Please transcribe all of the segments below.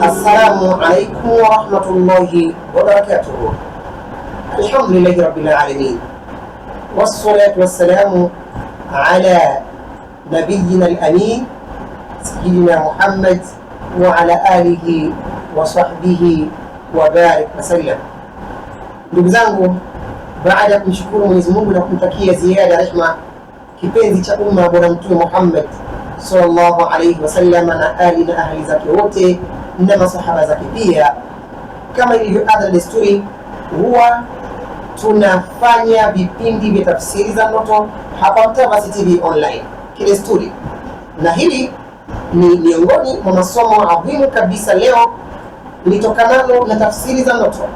السلام عليكم ورحمة الله وبركاته الحمد لله رب العالمين والصلاة والسلام على نبينا الأمين سيدنا محمد وعلى آله وصحبه وبارك وسلم لبزانكم بعد أن نشكر من لكم تكية زيادة رحمة kipenzi cha umma bwana Mtume Muhammad sallallahu alaihi wasallam na ali na ahli zake wote na masahaba zake pia. Kama ilivyo ada desturi, huwa tunafanya vipindi vya tafsiri za ndoto hapa Mtavassy TV online kidesturi, na hili ni miongoni mwa masomo adhimu kabisa leo litokanalo na tafsiri za ndoto.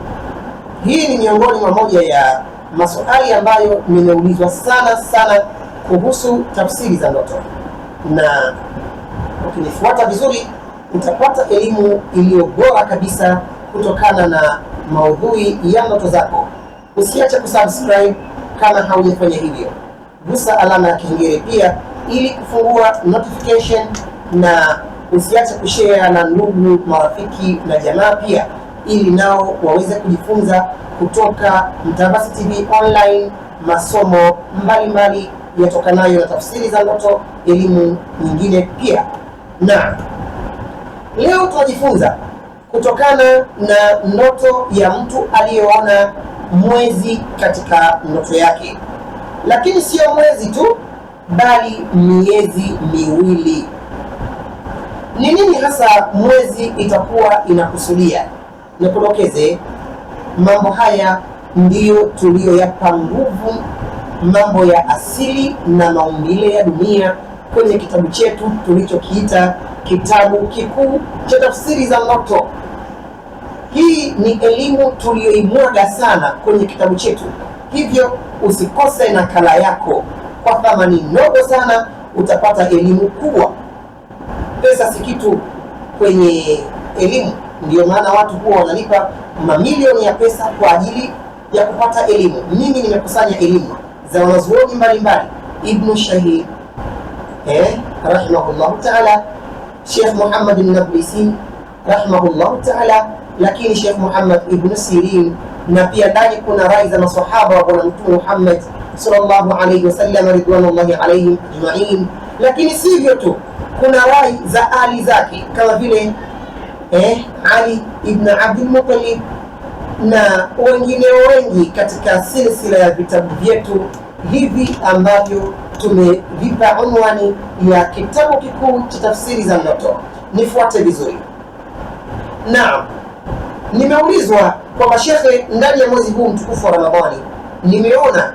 Hii ni miongoni mwa moja ya maswali ambayo nimeulizwa sana sana kuhusu tafsiri za ndoto, na ukinifuata vizuri utapata elimu iliyo bora kabisa kutokana na maudhui ya ndoto zako. Usiache kusubscribe kama haujafanya hivyo, gusa alama ya kengele pia ili kufungua notification, na usiache kushare na ndugu, marafiki na jamaa pia, ili nao waweze kujifunza kutoka Mtavassy TV online masomo mbalimbali mbali yatokanayo na tafsiri za ndoto, elimu nyingine pia. Na leo tunajifunza kutokana na ndoto ya mtu aliyeona mwezi katika ndoto yake, lakini sio mwezi tu, bali miezi miwili. Ni nini hasa mwezi itakuwa inakusudia? Nikudokeze mambo haya ndiyo tuliyoyapa nguvu mambo ya asili na maumbile ya dunia kwenye kitabu chetu tulichokiita kitabu kikuu cha tafsiri za ndoto. Hii ni elimu tuliyoimwaga sana kwenye kitabu chetu, hivyo usikose nakala yako. Kwa thamani ndogo sana utapata elimu kubwa. Pesa si kitu kwenye elimu, ndiyo maana watu huwa wanalipa mamilioni ya pesa kwa ajili ya kupata elimu. Mimi nimekusanya elimu za wanazuoni mbalimbali, Ibnu Shahid eh, rahimahullahu taala, Sheikh Muhammad bin Nablisi rahimahullahu taala, lakini Sheikh Muhammad Ibn Sirin na pia ndani kuna rai za masahaba wa Bwana Mtume Muhammad sallallahu alayhi wasallam ridwanullahi alayhim ajmain. Lakini sivyo tu, kuna rai za ali zake kama vile eh, Ali ibn Abdul Muttalib na wengine wengi katika silsila ya vitabu vyetu hivi ambavyo tumevipa unwani ya kitabu kikuu cha tafsiri za ndoto. Nifuate vizuri. Naam, nimeulizwa kwa mashehe ndani ya mwezi huu mtukufu wa Ramadhani nimeona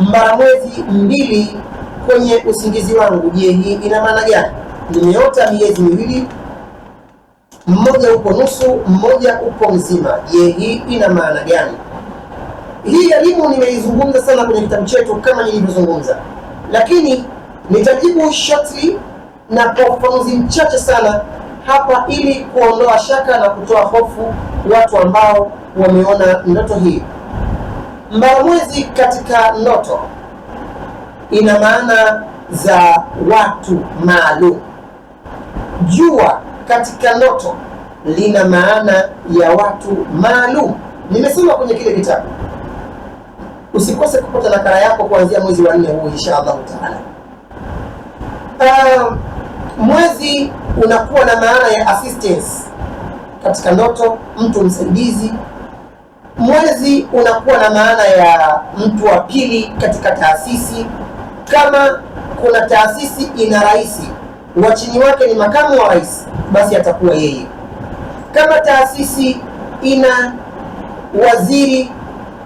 mara mwezi mbili kwenye usingizi wangu. Je, hii ina maana gani? Nimeota miezi miwili mmoja upo nusu, mmoja upo mzima. Je, hii ina maana gani? Hii elimu nimeizungumza sana kwenye kitabu chetu kama nilivyozungumza, lakini nitajibu shatri na kwa ufafanuzi mchache sana hapa, ili kuondoa shaka na kutoa hofu watu ambao wameona ndoto hii. Mbaramwezi katika ndoto ina maana za watu maalum. Jua katika ndoto lina maana ya watu maalum. Nimesema kwenye kile kitabu, usikose kupata nakala yako kuanzia mwezi wa nne huu insha allahu taala. Uh, mwezi unakuwa na maana ya assistance katika ndoto, mtu msaidizi. Mwezi unakuwa na maana ya mtu wa pili katika taasisi. Kama kuna taasisi ina rais, wachini wake ni makamu wa rais basi atakuwa yeye. Kama taasisi ina waziri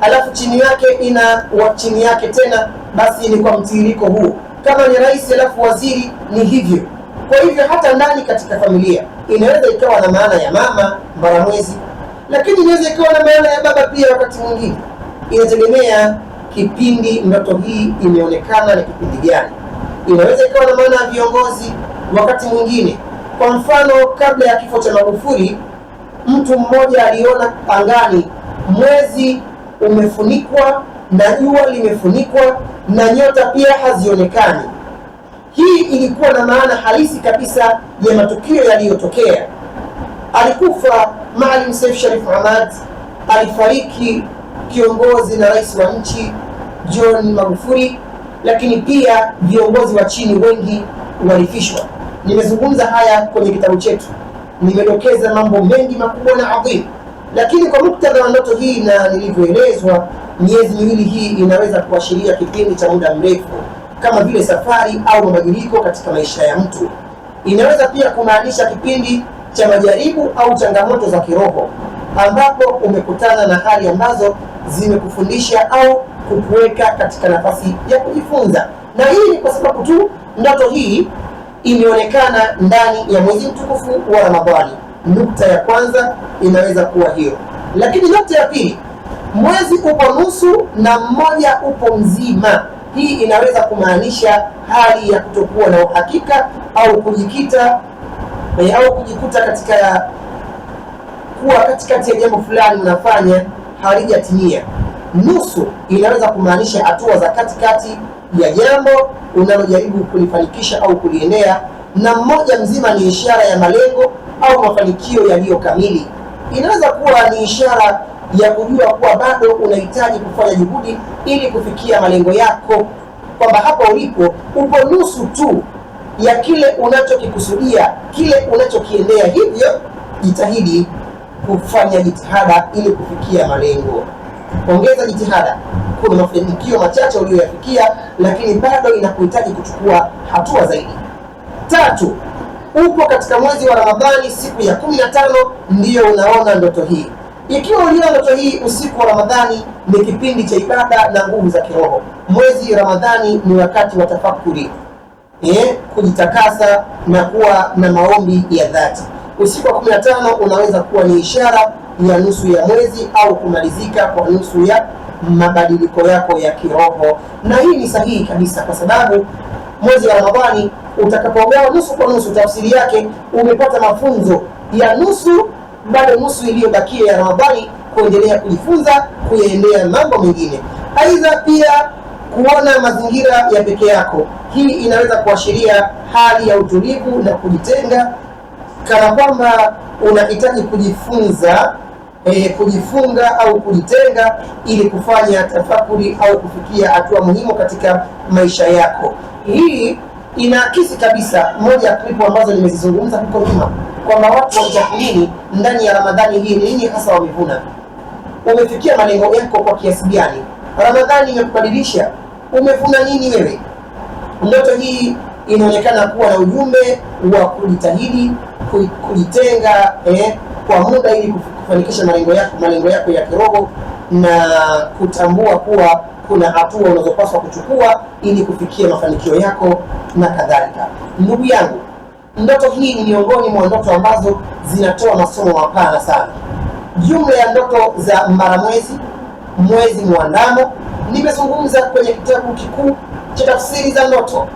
alafu chini yake ina wa chini yake tena, basi ni kwa mtiririko huu. Kama ni rais alafu waziri, ni hivyo. Kwa hivyo hata ndani katika familia inaweza ikawa na maana ya mama Mbaramwezi, lakini inaweza ikawa na maana ya baba pia wakati mwingine, inategemea kipindi ndoto hii imeonekana na kipindi gani. Inaweza ikawa na maana ya viongozi wakati mwingine kwa mfano, kabla ya kifo cha Magufuli, mtu mmoja aliona angani mwezi umefunikwa na jua limefunikwa na nyota pia hazionekani. Hii ilikuwa na maana halisi kabisa ya matukio yaliyotokea. Alikufa Maalim Seif Sharif Hamad, alifariki kiongozi na rais wa nchi John Magufuli, lakini pia viongozi wa chini wengi walifishwa. Nimezungumza haya kwenye kitabu chetu, nimedokeza mambo mengi makubwa na adhimu, lakini kwa muktadha wa ndoto hii na nilivyoelezwa, miezi miwili hii inaweza kuashiria kipindi cha muda mrefu kama vile safari au mabadiliko katika maisha ya mtu. Inaweza pia kumaanisha kipindi cha majaribu au changamoto za kiroho ambapo umekutana na hali ambazo zimekufundisha au kukuweka katika nafasi ya kujifunza, na hii ni kwa sababu tu ndoto hii imeonekana ndani ya mwezi mtukufu wa Ramadhani. Nukta ya kwanza inaweza kuwa hiyo, lakini nukta ya pili, mwezi upo nusu na mmoja upo mzima. Hii inaweza kumaanisha hali ya kutokuwa na uhakika au kujikita eh, au kujikuta katika kuwa katikati ya jambo fulani mnafanya halijatimia nusu inaweza kumaanisha hatua za katikati ya jambo unalojaribu kulifanikisha au kuliendea, na mmoja mzima ni ishara ya malengo au mafanikio yaliyo kamili. Inaweza kuwa ni ishara ya kujua kuwa bado unahitaji kufanya juhudi ili kufikia malengo yako, kwamba hapa ulipo upo nusu tu ya kile unachokikusudia, kile unachokiendea. Hivyo jitahidi kufanya jitihada ili kufikia malengo. Ongeza jitihada, kuna mafanikio machache uliyoyafikia, lakini bado inakuhitaji kuchukua hatua zaidi. Tatu, upo katika mwezi wa Ramadhani, siku ya kumi na tano ndiyo unaona ndoto hii. Ikiwa uliona ndoto hii usiku wa Ramadhani, ni kipindi cha ibada na nguvu za kiroho. Mwezi Ramadhani ni wakati wa tafakuri eh, kujitakasa na kuwa na maombi ya dhati. Usiku wa kumi na tano unaweza kuwa ni ishara ya nusu ya mwezi au kumalizika kwa nusu ya mabadiliko yako ya kiroho. Na hii ni sahihi kabisa, kwa sababu mwezi wa Ramadhani utakapogawa nusu kwa nusu, tafsiri yake umepata mafunzo ya nusu, bado nusu iliyobakia ya Ramadhani kuendelea kujifunza, kuyaendea mambo mengine. Aidha pia kuona mazingira ya peke yako, hii inaweza kuashiria hali ya utulivu na kujitenga, kana kwamba unahitaji kujifunza e, kujifunga au kujitenga ili kufanya tafakuri au kufikia hatua muhimu katika maisha yako. Hii inaakisi kabisa moja ya klipu ambazo nimezizungumza huko nyuma kwamba watu wajatmini ndani ya Ramadhani hii nini hasa wamevuna, umefikia malengo yako kwa kiasi gani? Ramadhani imekubadilisha, umevuna nini wewe? Ndoto hii inaonekana kuwa na ujumbe wa kujitahidi kujitenga eh, kwa muda ili kufanikisha malengo yako malengo yako ya kiroho na kutambua kuwa kuna hatua unazopaswa kuchukua ili kufikia mafanikio yako na kadhalika. Ndugu yangu, ndoto hii ni miongoni mwa ndoto ambazo zinatoa masomo mapana sana. Jumla ya ndoto za mara mwezi, mwezi mwandamo, nimezungumza kwenye kitabu kikuu cha tafsiri za ndoto.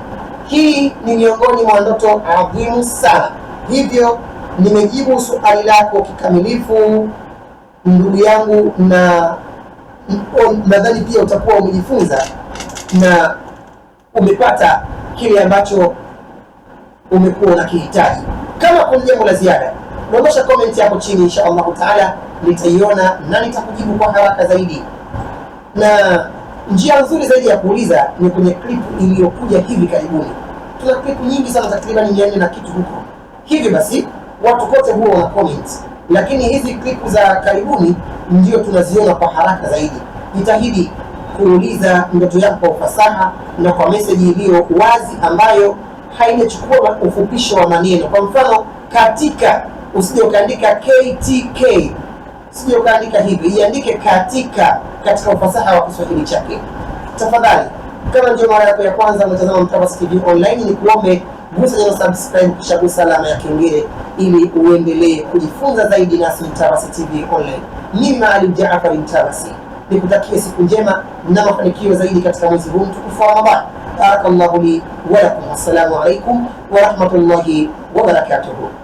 Hii ni miongoni mwa ndoto adhimu sana, hivyo nimejibu swali lako kikamilifu ndugu yangu, na nadhani pia utakuwa umejifunza na umepata kile ambacho umekuwa unakihitaji. Kama kuna jambo la ziada, dondosha comment yako chini, insha Allahu taala nitaiona na nitakujibu kwa haraka zaidi. Na njia nzuri zaidi ya kuuliza ni kwenye klipu iliyokuja hivi karibuni. Tuna klipu nyingi sana, takriban mia nne na kitu huko. Hivyo basi watu wote huwa wana comment, lakini hizi klipu za karibuni ndio tunaziona kwa haraka zaidi. Jitahidi kuuliza ndoto yako kwa ufasaha na kwa meseji iliyo wazi ambayo hainachukua ufupisho wa maneno. Kwa mfano, katika usije ukaandika KTK, usije ukaandika hivi, iandike katika katika ufasaha wa Kiswahili chake. Tafadhali, kama ndio mara yako ya kwanza unatazama Mtavassy TV online, ni kuombe gusa neno subscribe kisha gusa alama ya kengele ili uendelee kujifunza zaidi nasi Mtavassy TV online. mima Maalim Jaafar Mtavassy, nikutakie siku njema na mafanikio zaidi katika mwezi huu mtukufu wa Ramadhani. Barakallahu li wa lakum, wassalamu alaikum wa rahmatullahi wa barakatuhu.